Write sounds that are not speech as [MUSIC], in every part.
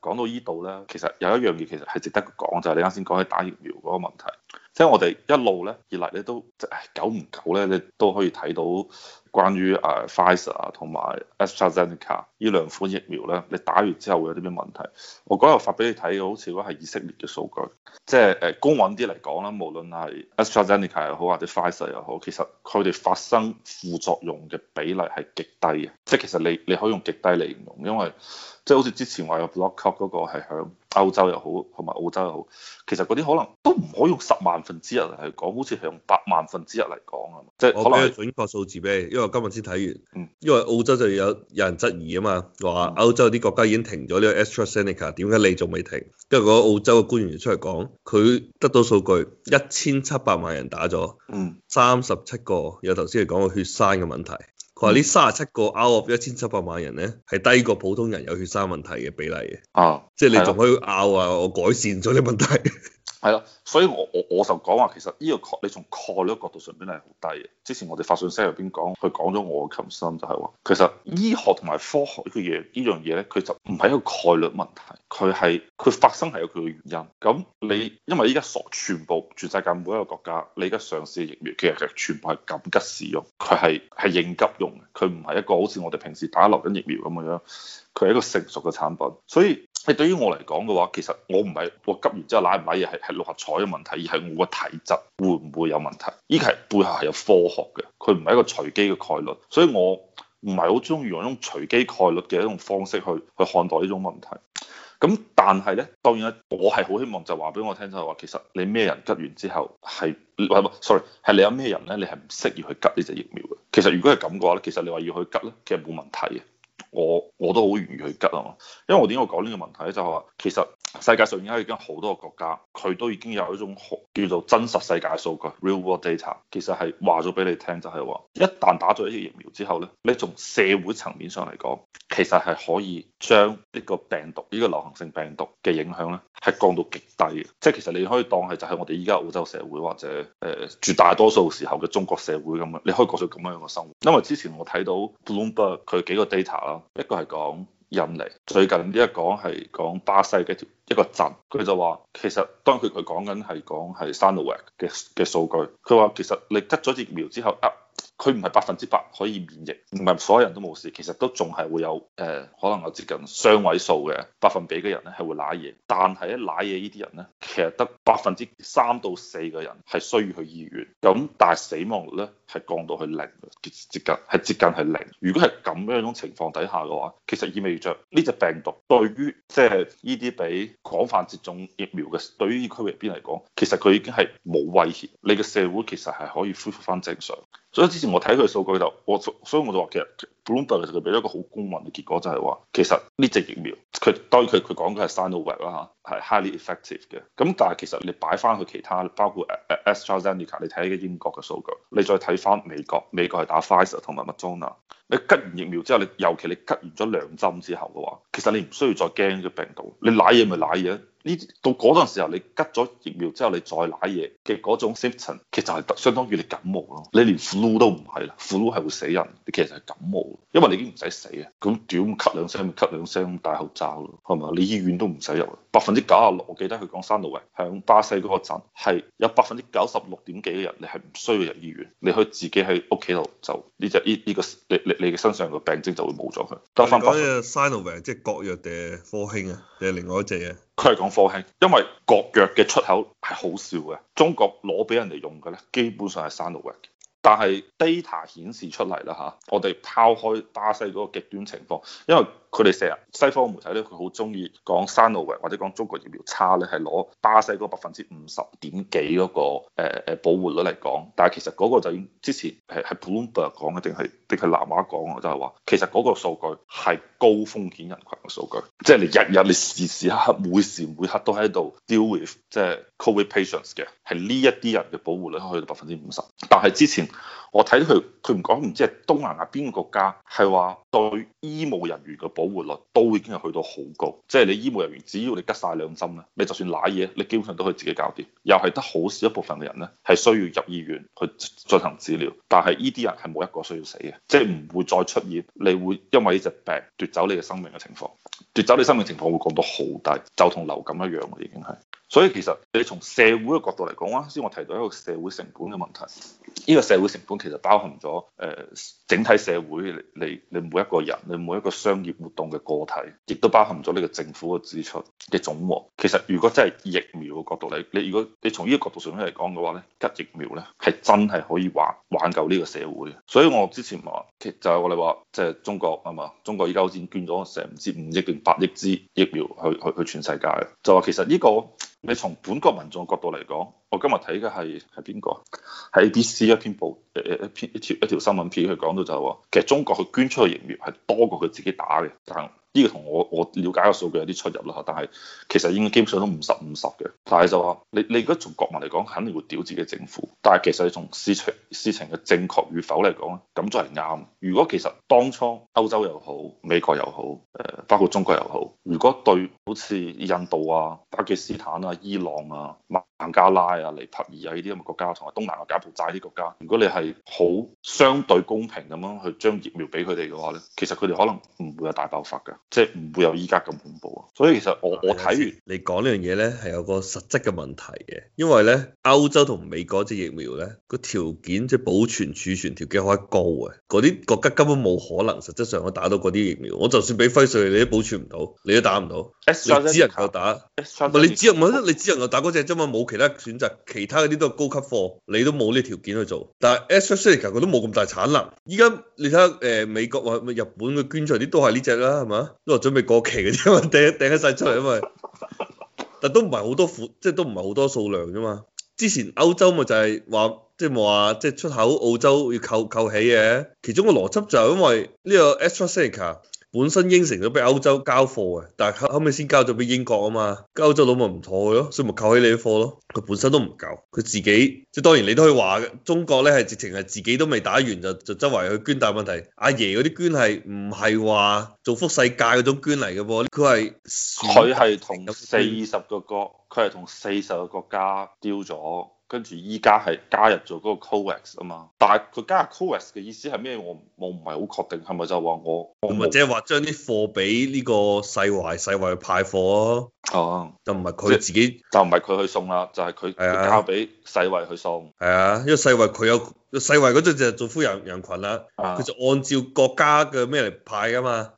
講到依度咧，其實有一樣嘢其實係值得講，就係你啱先講起打疫苗嗰個問題。即係我哋一路咧，而嚟咧都，即唉，久唔久咧，你都可以睇到關於誒 Pfizer 同埋 AstraZeneca 呢兩款疫苗咧，你打完之後會有啲咩問題？我嗰日發俾你睇嘅，好似嗰係以色列嘅數據。即係誒公允啲嚟講啦，無論係 AstraZeneca 又好或者 Pfizer 又好，其實佢哋發生副作用嘅比例係極低嘅。即係其實你你可以用極低嚟形容，因為即係好似之前話有 blood clot 嗰個係響歐洲又好，同埋澳洲又好，其實嗰啲可能都唔可以用十萬分之一嚟講，好似係用百萬分之一嚟講啊。即係、就是、可能我俾準確數字俾你，因為我今日先睇完，因為澳洲就有有人質疑啊嘛，話歐洲啲國家已經停咗呢個 AstraZeneca，點解你仲未停？跟住嗰個澳洲嘅官員出嚟講，佢得到數據一千七百萬人打咗，三十七個有頭先係講個血栓嘅問題。佢話呢三十七個 out of 一千七百萬人咧，係低過普通人有血栓問題嘅比例嘅，oh, 即係你仲可以 o 拗話我改善咗啲問題。 [LAUGHS] 係啦，所以我我我就講話，其實呢、這個確，你從概率角度上邊係好低嘅。之前我哋發信息入邊講，佢講咗我嘅琴心就係話，其實醫學同埋科學嘅嘢、這個、呢樣嘢咧，佢就唔係一個概率問題，佢係佢發生係有佢嘅原因。咁你因為依家所全部全世界每一個國家，你而家上市嘅疫苗其實係全部係緊急使用，佢係係應急用，佢唔係一個好似我哋平時打流感疫苗咁樣，佢係一個成熟嘅產品，所以。係對於我嚟講嘅話，其實我唔係我急完之後拉唔拉嘢係係六合彩嘅問題，而係我個體質會唔會有問題？呢個係背後係有科學嘅，佢唔係一個隨機嘅概率，所以我唔係好中意用一種隨機概率嘅一種方式去去看待呢種問題。咁但係咧，當然咧，我係好希望就話俾我聽就係話，其實你咩人急完之後係唔，Sorry，係你有咩人咧？你係唔適宜去急呢隻疫苗嘅。其實如果係咁嘅話咧，其實你話要去急咧，其實冇問題嘅。我我都好願意去吉啊嘛，因為我點解講呢個問題咧？就係話其實世界上而家已經好多個國家，佢都已經有一種叫做真實世界數據 （real world data），其實係話咗俾你聽，就係話一旦打咗呢個疫苗之後咧，你從社會層面上嚟講，其實係可以將呢個病毒、呢個流行性病毒嘅影響咧係降到極低嘅。即係其實你可以當係就係我哋依家澳洲社會或者誒絕大多數時候嘅中國社會咁樣，你可以過咗咁樣嘅生活。因為之前我睇到 Bloomberg 佢幾個 data 啦。一個係講印尼，最近呢一講係講巴西嘅一個鎮。佢就話其實當佢佢講緊係講係 Sinovac 嘅嘅數據，佢話其實你得咗疫苗之後。佢唔係百分之百可以免疫，唔係所有人都冇事，其實都仲係會有誒、呃，可能有接近雙位數嘅百分比嘅人咧係會瀨嘢，但係一瀨嘢呢啲人咧，其實得百分之三到四嘅人係需要去醫院，咁但係死亡率咧係降到去零，接近係接近係零。如果係咁樣一種情況底下嘅話，其實意味着呢隻病毒對於即係呢啲俾廣泛接種疫苗嘅對於呢區域入邊嚟講，其實佢已經係冇威脅，你嘅社會其實係可以恢復返正常。所以之前我睇佢數據就，我所以我就話其實。Bloomberg 其實佢俾咗一個好公民嘅結果，就係話其實呢隻疫苗，佢當佢佢講嘅係 Sinovac 啦嚇，係 highly effective 嘅。咁但係其實你擺翻去其他，包括 AstraZeneca，你睇啲英國嘅數據，你再睇翻美國，美國係打、Pfizer 同埋 Moderna，你吉完疫苗之後，你尤其你吉完咗兩針之後嘅話，其實你唔需要再驚嘅病毒，你舐嘢咪舐嘢。呢到嗰陣時候，你吉咗疫苗之後，你再舐嘢嘅嗰種 symptom 其實係相當於你感冒咯，你連 flu 都唔係啦，flu 係會死人，你其實係感冒。因為你已經唔使死啊，咁屌，咳兩聲，咪咳兩聲，戴口罩咯，係咪啊？你醫院都唔使入，百分之九十六，我記得佢講 Sinovac，喺巴西嗰個鎮係有百分之九十六點幾嘅人，你係唔需要入醫院，你可以自己喺屋企度就呢隻呢呢個，你你你嘅身上嘅病徵就會冇咗佢。你講嘅 Sinovac 即係國藥定科興啊？定係另外一隻嘢，佢係講科興，因為國藥嘅出口係好少嘅，中國攞俾人哋用嘅咧，基本上係 Sinovac。但係 data 顯示出嚟啦吓，我哋拋開巴西嗰個極端情況，因為。佢哋成日西方媒體咧，佢好中意講 Sinovac，或者講中國疫苗差咧，係攞巴西嗰百分之五十點幾嗰、那個誒、呃、保護率嚟講。但係其實嗰個就已經之前係係 Bloomberg 講嘅，定係定係南華講啊？就係、是、話其實嗰個數據係高風險人群嘅數據，即、就、係、是、你日日你時時刻刻每時每刻都喺度 deal with 即係 covid patients 嘅，係呢一啲人嘅保護率可以去到百分之五十，但係之前。我睇到佢，佢唔講唔知係東南亞邊個國家，係話對醫務人員嘅保護率都已經係去到好高，即係你醫務人員只要你吉晒兩針啦，你就算瀨嘢，你基本上都可以自己搞掂。又係得好少一部分嘅人咧，係需要入醫院去進行治療，但係呢啲人係冇一個需要死嘅，即係唔會再出現你會因為呢隻病奪走你嘅生命嘅情況，奪走你生命嘅情況會降到好低，就同流感一樣嘅已經係。所以其實你從社會嘅角度嚟講咧、啱先我提到一個社會成本嘅問題，呢個社會成本。其實包含咗誒整體社會，你你每一個人，你每一個商業活動嘅個體，亦都包含咗呢個政府嘅支出嘅總和。其實如果真係疫苗嘅角度嚟，你如果你從呢個角度上面嚟講嘅話呢，吉疫苗呢係真係可以挽挽救呢個社會。所以我之前話，就係、是、我哋話即係中國啊嘛，中國而家好似捐咗成唔知五億定八億支疫苗去去去全世界，就話其實呢、這個。你從本國民眾角度嚟講，我今日睇嘅係係邊個？係 ABC 一篇報，誒誒一篇一條一條新聞片，佢講到就係話，其實中國佢捐出嘅疫苗係多過佢自己打嘅。但呢個同我我瞭解嘅數據有啲出入咯，但係其實應該基本上都五十五十嘅。但係就話你你如果從國民嚟講，肯定會屌自己政府。但係其實你從事情事情嘅正確與否嚟講咧，咁都係啱。如果其實當初歐洲又好，美國又好，誒包括中國又好，如果對好似印度啊、巴基斯坦啊、伊朗啊、孟加拉啊、尼泊爾啊呢啲咁嘅國家，同埋東南亞柬埔寨啲國家，如果你係好相對公平咁樣去將疫苗俾佢哋嘅話咧，其實佢哋可能唔會有大爆發㗎。即係唔會有依家咁恐怖，啊。所以其實我我睇完你講呢樣嘢咧，係有個實質嘅問題嘅，因為咧歐洲同美國隻疫苗咧個條件即係保存儲存條件可以高啊。嗰啲國家根本冇可能實質上我打到嗰啲疫苗，我就算俾輝瑞你都保存唔到，你都打唔到，你只能夠打，你只能夠你只能夠打嗰隻啫嘛，冇其他選擇，其他嗰啲都係高級貨，你都冇呢條件去做，但係 AstraZeneca 佢都冇咁大產能，依家你睇下誒美國或日本嘅捐出啲都係呢隻啦，係嘛？都話準備過期嘅啫，啊嘛，掟一掟一晒出嚟，因為但都唔係好多款，即係都唔係好多數量啫嘛。之前歐洲咪就係話，即係冇話，即係出口澳洲要扣扣起嘅，其中個邏輯就係因為呢個 extra sector。本身應承咗俾歐洲交貨嘅，但係後後尾先交咗俾英國啊嘛，咁歐洲佬咪唔妥佢咯，所以咪扣起你啲貨咯。佢本身都唔夠，佢自己即係當然你都可以話嘅，中國咧係直情係自己都未打完就就周圍去捐。但問題，阿爺嗰啲捐係唔係話造福世界嗰種捐嚟嘅噃？佢係佢係同四十個國，佢係同四十個國家丟咗。跟住依家係加入咗嗰個 COVAX 啊嘛，但係佢加入 COVAX 嘅意思係咩？我我唔係好確定，係咪就話我，同或者話將啲貨俾呢個世衛，世衛派貨咯，啊？哦、啊，就唔係佢自己，就唔係佢去送啦，就係、是、佢、啊、交俾世衛去送。係啊，因為世衛佢有。世衛嗰種就做覆蓋人群啦，佢、啊、就按照國家嘅咩嚟派噶嘛，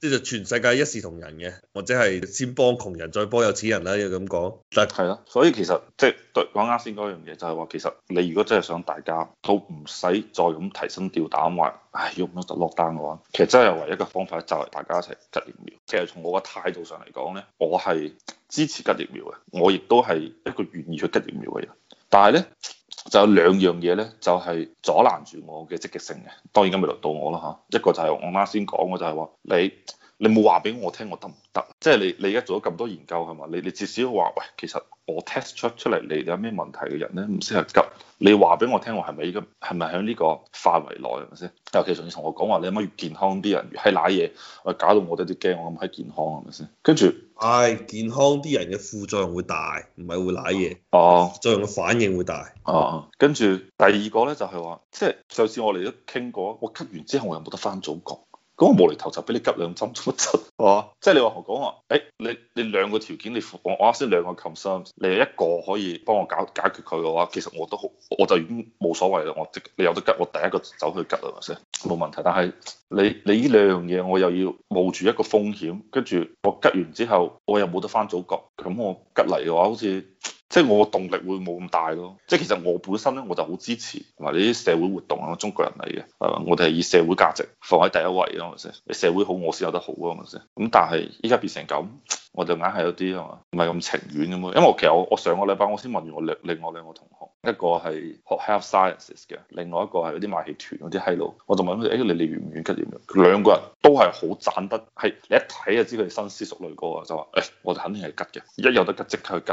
即係、嗯、全世界一視同仁嘅，或者係先幫窮人再幫有錢人啦，要咁講。但係係咯，所以其實即係講啱先嗰樣嘢，就係、是、話、就是、其實你如果真係想大家都唔使再咁提心吊膽話，唉喐唔到就落單嘅話，其實真係唯一嘅方法就係、是、大家一齊吉疫苗。其實從我嘅態度上嚟講咧，我係支持吉疫苗嘅，我亦都係一個願意去吉疫苗嘅人，但係咧。就有兩樣嘢咧，就係阻攔住我嘅積極性嘅，當然今日未落到我啦吓。一個就係我啱先講嘅，就係話你。你冇話俾我聽，我得唔得？即係你，你而家做咗咁多研究係嘛？你你至少話，喂，其實我 test 出出嚟，你有咩問題嘅人咧，唔適合急。你是是」你話俾我聽，我係咪而家係咪喺呢個範圍內？係咪先？尤其仲要同我講話，你阿媽越健康啲人，越係賴嘢，我搞到我都有啲驚，我咁閪健康係咪先？跟住，唉，健康啲人嘅副作用會大，唔係會賴嘢。哦。作用嘅反應會大。哦、嗯嗯嗯嗯。跟住第二個咧、就係，就係、係、話，即係上次我哋都傾過，我吸完之後，我又冇得翻祖國？嗰個無厘頭就俾你吉兩針做乜啫？係即係你話講話，誒你你兩個條件，你我我啱先兩個 concern 你有一個可以幫我搞，解決佢嘅話，其實我都好，我就已經冇所謂啦。我你有得吉，我第一個走去吉係咪先？冇問題。但係你你呢兩樣嘢，我又要冒住一個風險，跟住我吉完之後，我又冇得翻祖國，咁我吉嚟嘅話，好似～即係我動力會冇咁大咯，即係其實我本身咧，我就好支持同埋呢啲社會活動啊，中國人嚟嘅係嘛，我哋係以社會價值放喺第一位咯，係咪先？你社會好，我先有得好啊，係咪先？咁但係依家變成咁，我就硬係有啲係嘛，唔係咁情願咁嘛！因為我其實我我上個禮拜我先問完我兩另外兩個同學，一個係學 health sciences 嘅，另外一個係嗰啲馬戲團嗰啲閪佬，我就問佢誒、哎、你你願唔願吉？點樣？兩個人都係好賺得，係你一睇就知佢哋深思熟慮過啊，就話誒、哎、我哋肯定係吉嘅，一有得吉，立即刻去吉。」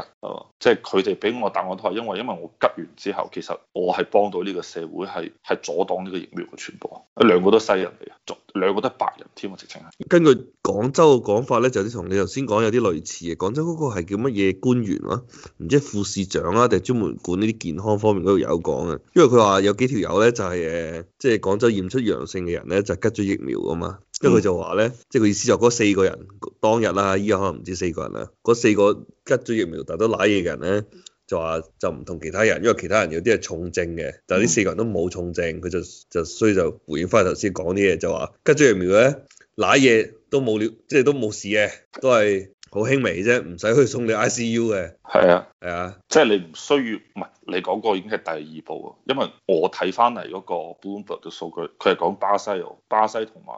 係佢哋俾我答案我都係因為因為我吉完之後，其實我係幫到呢個社會係係阻擋呢個疫苗嘅傳播，兩個都西人嚟，兩個都係白人添啊！直情啊，根據廣州嘅講法咧，就啲同你頭先講有啲類似嘅。廣州嗰個係叫乜嘢官員咯、啊？唔知副市長啊，定係專門管呢啲健康方面嗰度有講嘅，因為佢話有幾條友咧就係、是、誒，即、就、係、是、廣州驗出陽性嘅人咧就吉咗疫苗㗎嘛。跟佢、嗯、就話咧，即係佢意思就嗰四個人當日啦、嗯，依家可能唔止四個人啦、嗯。嗰四個吉咗疫苗但都攋嘢嘅人咧，就話就唔同其他人，因為其他人有啲係重症嘅，但係呢四個人都冇重症，佢就，就就所以就回應翻頭先講啲嘢，就話吉咗疫苗咧攋嘢都冇料，即係都冇事嘅，都係好輕微啫，唔使去送你 I C U 嘅。係啊，係是啊，即係你唔需要，唔係你講過已經係第二步啊，因為我睇翻嚟嗰個 Bloomberg 嘅數據，佢係講巴西喎、哦，巴西同埋。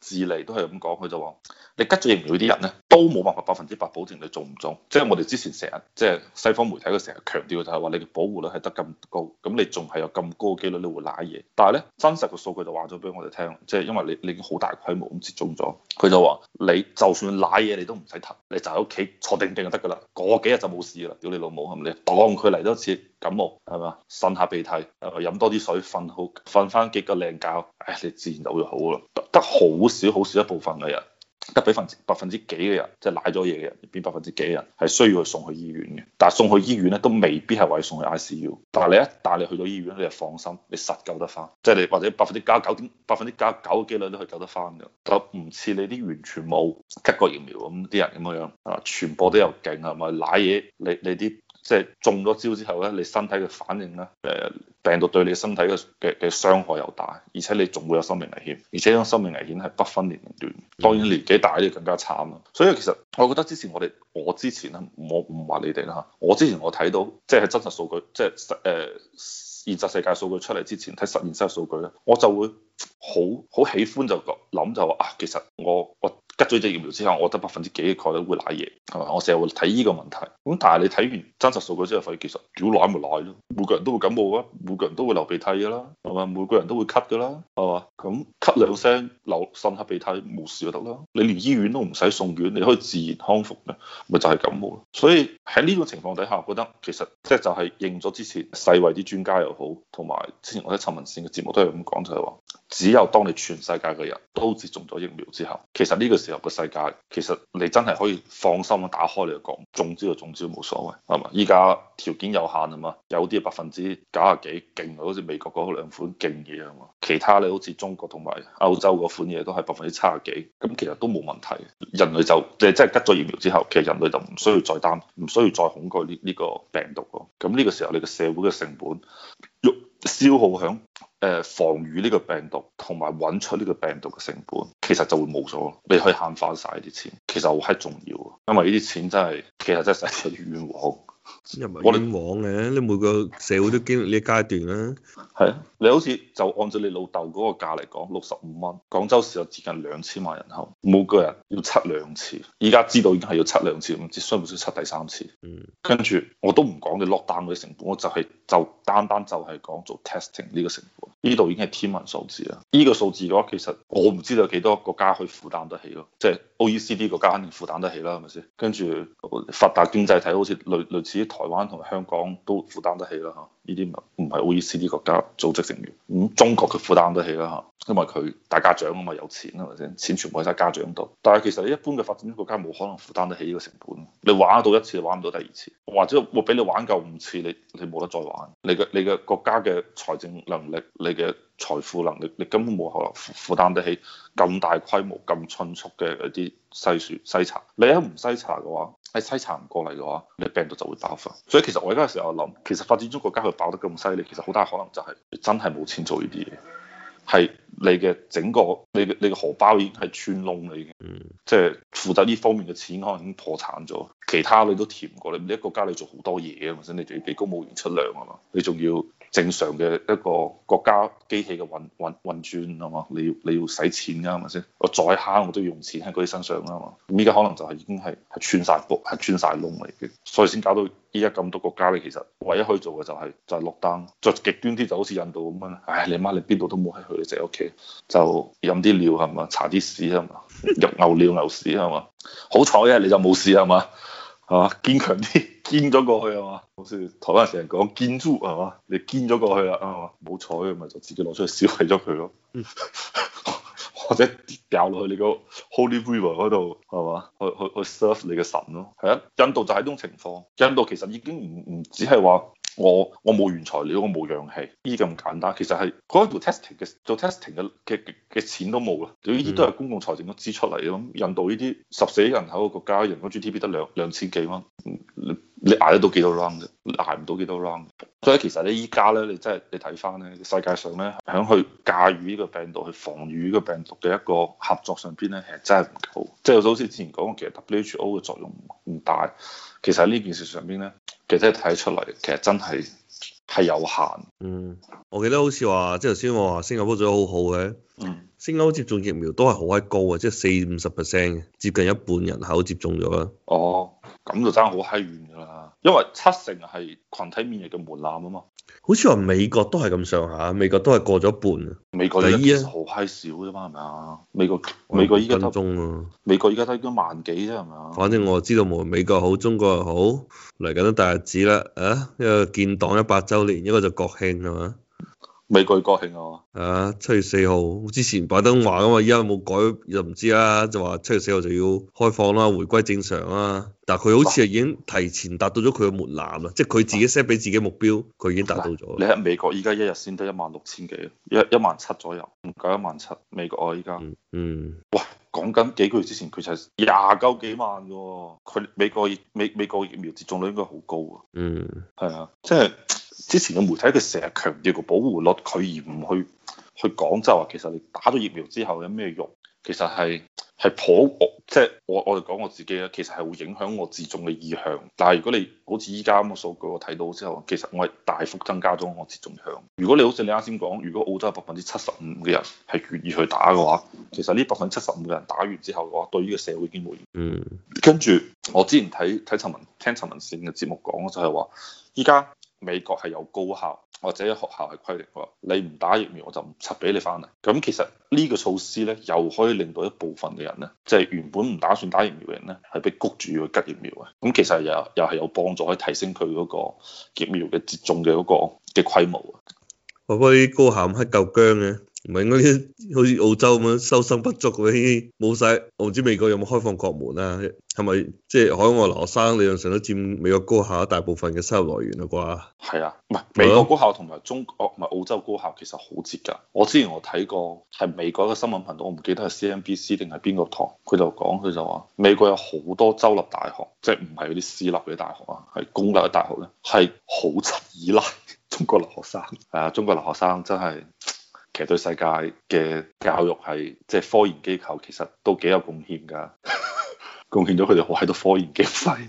智利都係咁講，佢就話：你接咗疫苗啲人咧，都冇辦法百分之百保證你中唔中。即係我哋之前成日即係西方媒體佢成日強調就係話，你嘅保護率係得咁高，咁你仲係有咁高嘅機率你會舐嘢。但係咧真實嘅數據就話咗俾我哋聽，即係因為你你已經好大規模咁接種咗，佢就話你就算舐嘢你都唔使騰，你就喺屋企坐定定就得㗎啦。嗰幾日就冇事啦，屌你老母係咪？你當佢嚟多次感冒係咪啊？擤下鼻涕，飲多啲水，瞓好瞓翻幾個靚覺。唉，你自然就會好噶啦，得好少好少一部分嘅人，得百分百分之幾嘅人，即係瀨咗嘢嘅人，變百分之幾嘅人係需要去送去醫院嘅，但係送去醫院咧都未必係話送去 ICU，但係你一但你去到醫院，你就放心，你實救得翻，即係你或者你百分之九十九點，百分之九十九嘅機率都可以救得翻嘅，咁唔似你啲完全冇吉過疫苗咁啲人咁樣樣，啊，全部都有勁係咪瀨嘢？你你啲。你即係中咗招之後咧，你身體嘅反應咧，誒病毒對你身體嘅嘅嘅傷害又大，而且你仲會有生命危險，而且呢種生命危險係不分年齡段，當然年紀大啲更加慘啦。所以其實我覺得之前我哋，我之前咧，我唔話你哋啦嚇，我之前我睇到即係、就是、真實數據，即係實誒現實世界數據出嚟之前睇實驗室嘅數據咧，我就會好好喜歡就諗就話啊，其實我我。拮咗隻疫苗之後，我得百分之幾嘅概率會賴嘢，係嘛？我成日會睇呢個問題。咁但係你睇完真實數據之後，發現其實屌賴都冇賴咯。每個人都會感冒啊，每個人都會流鼻涕嘅啦，係嘛？每個人都會咳嘅啦，係嘛？咁咳兩聲，流擤下鼻涕，冇事就得啦。你連醫院都唔使送院，你可以自然康復嘅，咪就係、是、感冒咯。所以喺呢種情況底下，我覺得其實即係就係認咗之前世衞啲專家又好，同埋之前我喺陳文善嘅節目都係咁講，就係話，只有當你全世界嘅人都接種咗疫苗之後，其實呢個時。入個世界，其實你真係可以放心咁打開嚟講，中招就中招冇所謂，係嘛？依家條件有限啊嘛，有啲百分之九廿幾勁，好似美國嗰兩款勁嘢啊嘛。其他呢好似中國同埋歐洲嗰款嘢都係百分之七廿幾，咁其實都冇問題。人類就即係，真係拮咗疫苗之後，其實人類就唔需要再擔，唔需要再恐懼呢呢個病毒咯。咁呢個時候，你個社會嘅成本慾消耗響。誒防禦呢個病毒，同埋揾出呢個病毒嘅成本，其實就會冇咗，你可以慳翻曬啲錢，其實好重要，因為呢啲錢真係，其實真係有啲冤枉。又唔係冤枉嘅、啊，你每個社會都經歷呢個階段啦、啊。係啊，你好似就按照你老豆嗰個價嚟講，六十五蚊，廣州市有接近兩千萬人口，每個人要測兩次，依家知道已經係要測兩次，唔知需唔需要測第三次。嗯。跟住我都唔講你 lockdown 嗰啲成本，我就係、是、就單單就係講做 testing 呢個成本，呢度已經係天文數字啦。呢、這個數字嘅話，其實我唔知道有幾多國家可以負擔得起咯。即、就、係、是、OECD 國家肯定負擔得起啦，係咪先？跟住發達經濟體好似類類似。啲台灣同香港都負擔得起啦嚇，呢啲唔係 OECD 國家組織成員，咁、嗯、中國佢負擔得起啦嚇，因為佢大家長啊嘛，有錢係咪先？錢全部喺曬家長度，但係其實你一般嘅發展中國家冇可能負擔得起呢個成本，你玩到一次玩唔到第二次，或者我俾你玩夠五次，你你冇得再玩，你嘅你嘅國家嘅財政能力，你嘅財富能力，你根本冇可能負負擔得起咁大規模、咁迅速嘅嗰啲篩選篩查。你喺唔篩查嘅話，係西殘唔過嚟嘅話，你病毒就會爆發。所以其實我而家嘅時候我諗，其實發展中國家佢爆得咁犀利，其實好大可能就係真係冇錢做呢啲嘢。係你嘅整個你嘅你嘅荷包已經係串窿你嘅，即係負責呢方面嘅錢可能已經破產咗，其他你都填唔過嚟。你一個家你做好多嘢啊嘛，先你哋要俾公務員出糧啊嘛，你仲要。正常嘅一個國家機器嘅運運運轉啊嘛，你要你要使錢㗎係咪先？我再慳我都要用錢喺佢哋身上啦嘛。咁依家可能就係已經係係穿晒布，係穿晒窿嚟嘅，所以先搞到依家咁多國家咧。其實唯一可以做嘅就係就係落單，再極端啲就好似印度咁樣。唉，你媽你邊度都冇得去你，你就喺屋企，就飲啲尿係嘛，查啲屎啊嘛，入牛尿牛屎啊嘛。好彩啊，你就冇事係嘛，係嘛，堅強啲。捐咗過去啊嘛，好似台灣成日講建築啊嘛，你捐咗過去啦啊嘛，冇彩咪就自己攞出去消費咗佢咯， [LAUGHS] 或者掉落去你個 Holy River 嗰度係嘛，去去去 serve 你嘅神咯。係啊，印度就係呢種情況。印度其實已經唔唔只係話我我冇原材料，我冇氧氣呢啲咁簡單。其實係嗰條 testing 嘅做 testing 嘅嘅嘅錢都冇啦。就呢啲都係公共財政嘅支出嚟嘅。咁印度呢啲十四億人口嘅國家，人均 GDP 得兩兩千幾蚊。你捱得到幾多 round？捱唔到幾多 round？所以其實咧，依家咧，你真係你睇翻咧，世界上咧，響去駕馭呢個病毒、去防禦呢個病毒嘅一個合作上邊咧，其實真係唔夠。即係好似之前講過，其實 WHO 嘅作用唔大。其實喺呢件事上邊咧，其實都睇得出嚟，其實真係。係有限。嗯，我記得好似話，即頭先我話新加坡做得好好嘅。嗯，新加坡接種疫苗都係好閪高嘅，即四五十 percent，接近一半人口接種咗啦。哦，咁就爭好閪遠㗎啦。因為七成係群體免疫嘅門檻啊嘛，好似話美國都係咁上下，美國都係過咗半啊在。美國依家好閪少啫嘛，係咪啊？美國、啊、美國依家集中咯，美國依家睇都萬幾啫，係咪啊？反正我知道冇美國好，中國又好嚟緊都大日子啦，啊，一個建黨一百周年，一個就國慶係嘛。是美國國慶啊嘛，啊，七月四號之前拜登話啊嘛，依家冇改又唔知啊，就話七月四號就要開放啦，回歸正常啦。但係佢好似係已經提前達到咗佢嘅門檻啦，啊、即係佢自己 set 俾自己目標，佢已經達到咗，啊。你喺美國依家一日先得一萬六千幾，一一萬七左右，唔夠一萬七。美國啊，依家，嗯，嗯，哇，講緊幾個月之前佢就係廿九幾萬噶，佢美國疫美美國疫苗接種率應該好高啊，嗯，係啊，即係。之前嘅媒體佢成日強調個保護率，佢而唔去去講就話其實你打咗疫苗之後有咩用？其實係係頗即係、就是、我我哋講我自己咧，其實係會影響我接種嘅意向。但係如果你好似依家咁嘅數據我睇到之後，其實我係大幅增加咗我接種意向。如果你好似你啱先講，如果澳洲有百分之七十五嘅人係願意去打嘅話，其實呢百分之七十五嘅人打完之後嘅話，對呢個社會已經冇影響。嗯，跟住我之前睇睇陳文聽陳文善嘅節目講就係話，依家。美國係有高校或者學校係規定喎，你唔打疫苗我就唔插俾你翻嚟。咁其實呢個措施咧，又可以令到一部分嘅人咧，即係原本唔打算打疫苗嘅人咧，係被谷住去吉疫苗嘅。咁其實又又係有幫助，可以提升佢嗰個疫苗嘅接種嘅嗰個嘅規模啊。我覺得啲高校咁黑夠薑嘅。唔係我啲好似澳洲咁樣收生不足嗰啲，冇晒。我唔知美國有冇開放國門啊？係咪即係海外留學生理論上都佔美國高校大部分嘅收入來源啦？啩？係啊，唔係美國高校同埋中國唔係澳洲高校其實好拮噶。我之前我睇過係美國嘅新聞頻道，我唔記得係 CNBC 定係邊個台。佢就講佢就話美國有好多州立大學，即係唔係嗰啲私立嘅大學啊，係公立嘅大學咧，係好依賴中國留學生。係啊，中國留學生真係。其實對世界嘅教育係，即、就、係、是、科研機構，其實都幾有貢獻㗎，貢獻咗佢哋好喺度科研經費。